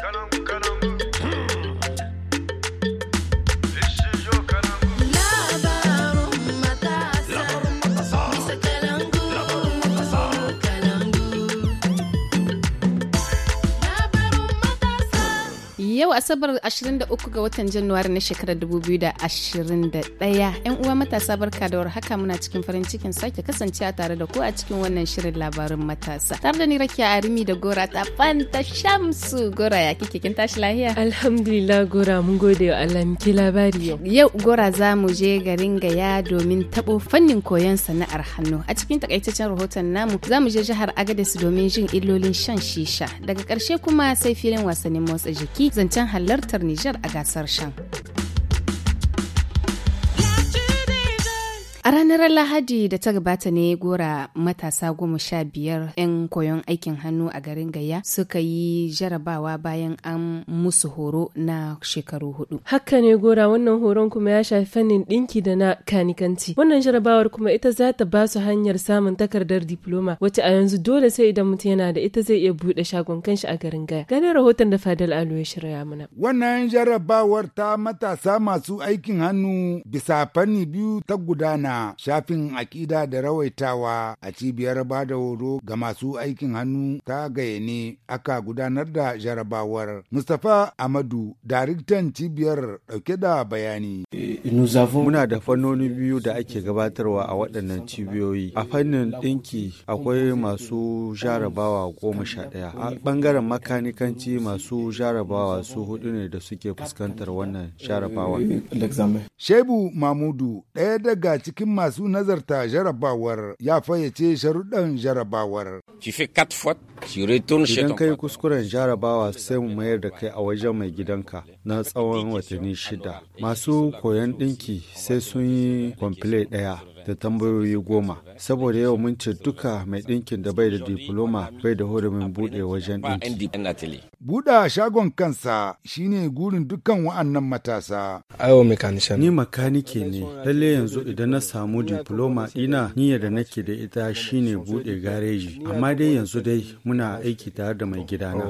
Canal. Yau Asabar 23 ga watan Janairu na shekarar 2021 'yan uwa matasa barka da haka muna cikin farin cikin sake kasancewa tare da ku a cikin wannan shirin labarin matasa. Tare da ni Rakiya Arimi da Gora ta fanta Shamsu Gora ya kike kin tashi lahiya? Alhamdulillah Gora mun gode wa Allah miki labari yau. Yau Gora za mu je garin Gaya domin tabo fannin koyon sana'ar hannu. A cikin takaitaccen rahoton namu za mu je jihar Agadez domin jin illolin shan shisha. Daga ƙarshe kuma sai filin wasannin motsa jiki zancen halartar Nijar a gasar shan. A ranar Lahadi da ta gabata ne gora matasa goma sha biyar 'yan koyon aikin hannu a garin Gaya suka yi jarabawa bayan an musu horo na shekaru hudu. Haka ne gora wannan horon kuma ya shafi fannin ɗinki da na kanikanci. Wannan jarabawar kuma ita za ta ba su hanyar samun takardar diploma wacce a yanzu dole sai idan mutum yana da ita zai iya buɗe shagon kanshi a garin Gaya. Gane rahoton da Fadal Alu ya shirya mana. Wannan jarabawar ta matasa masu aikin hannu bisa fanni biyu ta gudana na shafin aƙida da rawaitawa a cibiyar ba da horo ga masu aikin hannu ta gayyane aka gudanar da jarabawar. Mustapha Amadu, daraktan cibiyar dauke da bayani. Eh, Muna da fannoni biyu da ake gabatarwa a waɗannan cibiyoyi. A fannin ɗinki akwai masu jarabawa goma sha ɗaya. A ɓangaren makanikanci masu jarabawa su hudu ne da suke fuskantar wannan jarabawa. Shebu Mamudu, ɗaya daga cikin masu nazarta jarabawar ya fayyace sharuɗan jarabawar. ki fi cut kai kuskuren jarabawa sai mu mayar da kai a wajen mai gidanka na tsawon watanni shida masu koyon dinki sai sun yi kwamfile daya da tambayoyi goma saboda yau mun ce duka mai dinkin da bai da diploma bai da hurumin bude wajen dinki. Buɗa shagon kansa shine gurin dukkan wa'annan matasa. Ayo mechanician Ni makanike ne, lalle yanzu idan na samu diploma ɗina niyyar da nake da ita shine bude gareji, amma amma dai yanzu dai muna aiki tare da mai gidana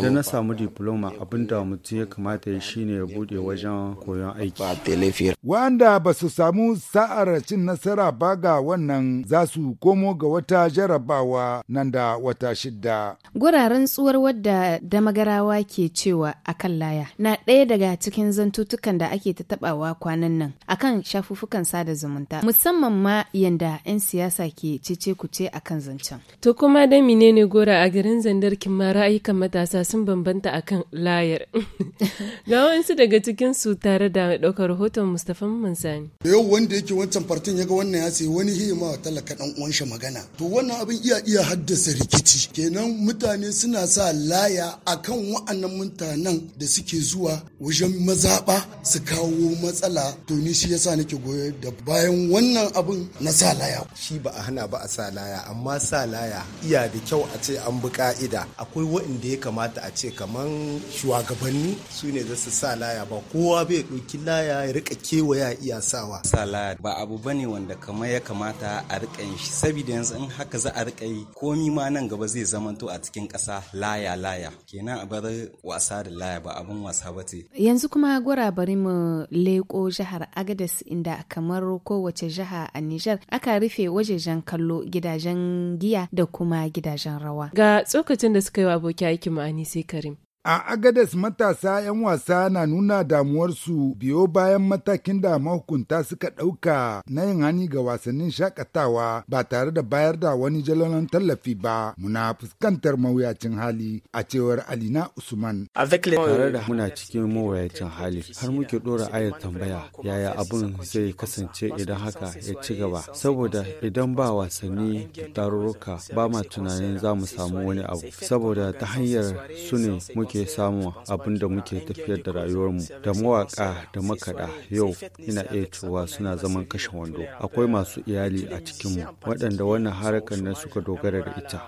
da na samu diploma da mutum ya kamata ya shine ya bude wajen koyon aiki wanda ba su samu sa'ar cin nasara ba ga wannan za su komo ga wata jarabawa nan da wata shidda guraren tsuwar wadda da magarawa ke cewa akan laya na ɗaya daga cikin zantutukan da ake ta tabawa kwanan nan akan shafuffukan sada zumunta musamman ma yanda 'yan siyasa ke cece a kan zancen. To kuma da ne gora a garin zandar ma ra'ayyukan matasa sun bambanta a kan layar. Ga wasu daga cikin su tare da ɗaukar rahoton Mustapha Mansani. Yau wanda yake wancan fartin ya ga wannan ya sayi wani hima wa talaka ɗan uwan shi magana. To wannan abin iya iya haddasa rikici. Kenan mutane suna sa laya a kan wa'annan mutanen da suke zuwa wajen mazaɓa su kawo matsala to ni shi yasa nake goyo da bayan wannan abin na sa laya. Shi ba a hana ba a sa laya amma sa laya iya da kyau a ce an bi ka'ida akwai waɗanda ya kamata a ce kaman shugabanni su ne za su sa laya ba kowa bai ɗauki laya ya rika kewaya iya sawa sa laya ba abu bane wanda kamar ya kamata a rika yin shi saboda yanzu in haka za a rika yi komi ma nan gaba zai zamanto a cikin ƙasa laya laya kenan a bar wasa da laya ba abun wasa ba ce yanzu kuma gwara bari mu leƙo jihar agadas inda kamar kowace jiha a nijar aka rufe wajejen kallo gida gidajen giya da kuma gidajen rawa. Ga tsokacin da suka yi wa aboki aikin ma'ani sai Karim. A Agadas matasa 'yan wasa na nuna damuwarsu biyo bayan matakin da mahukunta suka ɗauka na yin hani ga wasannin shakatawa ba tare da bayar da wani jalonan tallafi ba muna fuskantar mawuyacin hali a cewar Alina Usman. Tare da muna cikin mawuyacin hali har muke ɗora ayar tambaya yaya abun zai kasance idan haka ya ci gaba saboda idan ba wasanni da tarurruka ba ma tunanin za mu samu wani abu saboda ta hanyar su ne muke muke samu abin da muke tafiyar da rayuwarmu da mawaka da makaɗa yau ina iya cewa suna zaman kashe wando akwai masu iyali a cikinmu waɗanda wannan harakan nan suka dogara da ita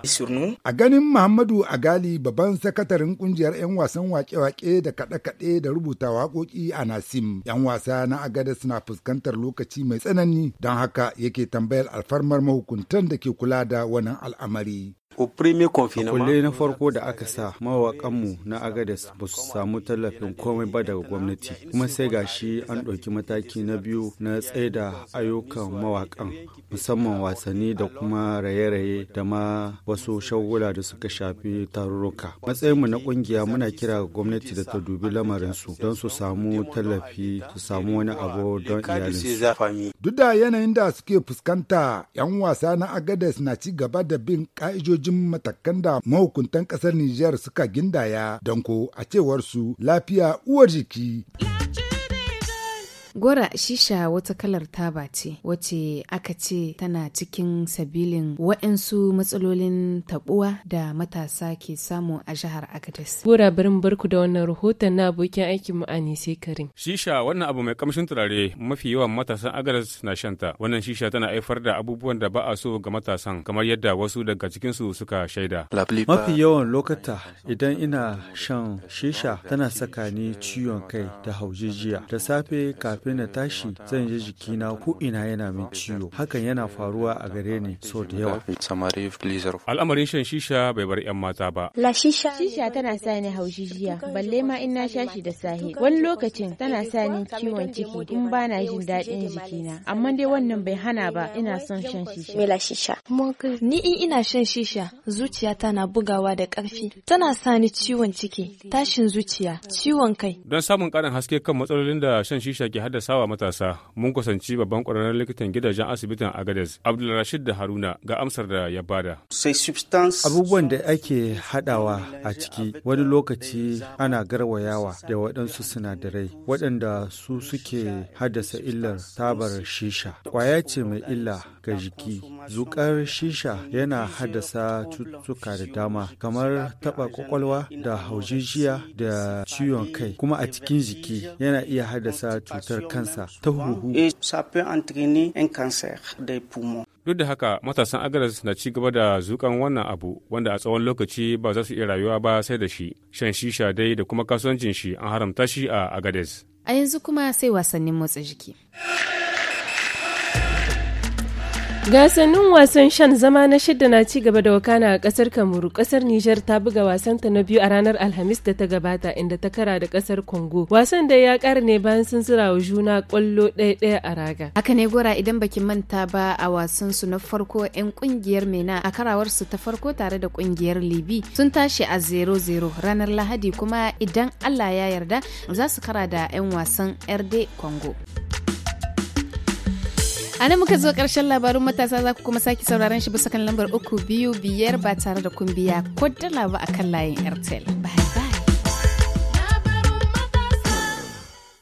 a ganin muhammadu agali babban sakataren kungiyar 'yan wasan wake-wake da kaɗe-kaɗe da rubuta waƙoƙi a nasim 'yan wasa na agada suna fuskantar lokaci mai tsanani don haka yake tambayar alfarmar mahukuntan da ke kula da wannan al'amari kulle na farko da aka sa mawakanmu na agadas ba su samu tallafin komai ba daga gwamnati kuma sai gashi an ɗauki mataki na biyu na tsaida ayyukan mawakan musamman wasanni da kuma raye-raye da ma wasu shagula da suka shafi tarurruka matsayinmu na ƙungiya muna kira ga gwamnati da ta dubi lamarin su don su samu tallafi su samu wani abu don iyalinsu duk da yanayin da suke fuskanta 'yan wasa na agadas na ci gaba da bin ka'ijoji sojojin matakan da mahukuntan kasar Nijar suka gindaya don ko a cewar su lafiya uwar jiki. Gora, shisha wata kalar taba ce wacce aka ce tana cikin sabilin waɗansu matsalolin tabuwa da matasa ke samu a jihar Agadez. Gora birin barku da wannan rahoton na abokin aikin mu nise Karim. Shisha wannan abu mai kamshin turare mafi yawan matasan Agadez na shanta. Wannan shisha tana haifar da abubuwan da ba a so ga matasan kamar yadda wasu daga cikin su suka shaida. Mafi yawan lokata idan ina shan shisha tana saka ni ciwon kai da haujijiya da safe kafin kafin na tashi zan ji jikina ko ina yana min ciwo hakan yana faruwa a gare ni so da yawa al'amarin shan shisha bai bar yan mata ba shisha tana sa ni haushi jiya balle ma in na sha da sahi wani lokacin tana sa ni ciwon ciki in ba na jin daɗin jikina amma dai wannan bai hana ba ina son shan shisha ni in ina shan shisha zuciya tana bugawa da ƙarfi tana sa ni ciwon ciki tashin zuciya ciwon kai don samun ƙarin haske kan matsalolin da shan shisha ke haddasa da sawa matasa mun kusanci babban ƙwararren likitan gidajen asibitin Agadez Abdulrashid da Haruna ga amsar da ya bada. Abubuwan da ake hadawa a ciki wani lokaci ana garwayawa da waɗansu sinadarai waɗanda su suke haddasa illar tabar shisha. kwaya ce mai illa ga jiki. Zukar shisha yana haddasa cututtuka da dama kamar taɓa kwakwalwa da haujijiya da ciwon kai kuma a cikin jiki yana iya haddasa cutar kansa ta huhu. Duk da haka matasan agaras na ci gaba da zukan wannan abu wanda a tsawon lokaci ba za su iya rayuwa ba sai da shi. Shan shisha dai da kuma kasuwancin shi an haramta shi a agades. A yanzu kuma sai wasannin motsa jiki. gasanin wasan shan zama na shidda na ci gaba da wakana a kasar kamuru kasar niger ta buga wasanta na biyu a ranar alhamis da ta gabata inda ta kara da kasar congo wasan da ya kara ne bayan sun zira wa juna kwallo ɗaya ɗaya a raga haka ne gora idan baki manta ba a wasan su na farko yan kungiyar mena a karawar su ta farko tare da kungiyar libi sun tashi a 0-0 ranar lahadi kuma idan allah ya yarda za su kara da yan wasan rd congo A nan muka zo ƙarshen labarin matasa za ku kuma sake sauraron shi bisa kan lambar uku biyu biyar ba tare da kun biya ko dala ba akan layin Airtel.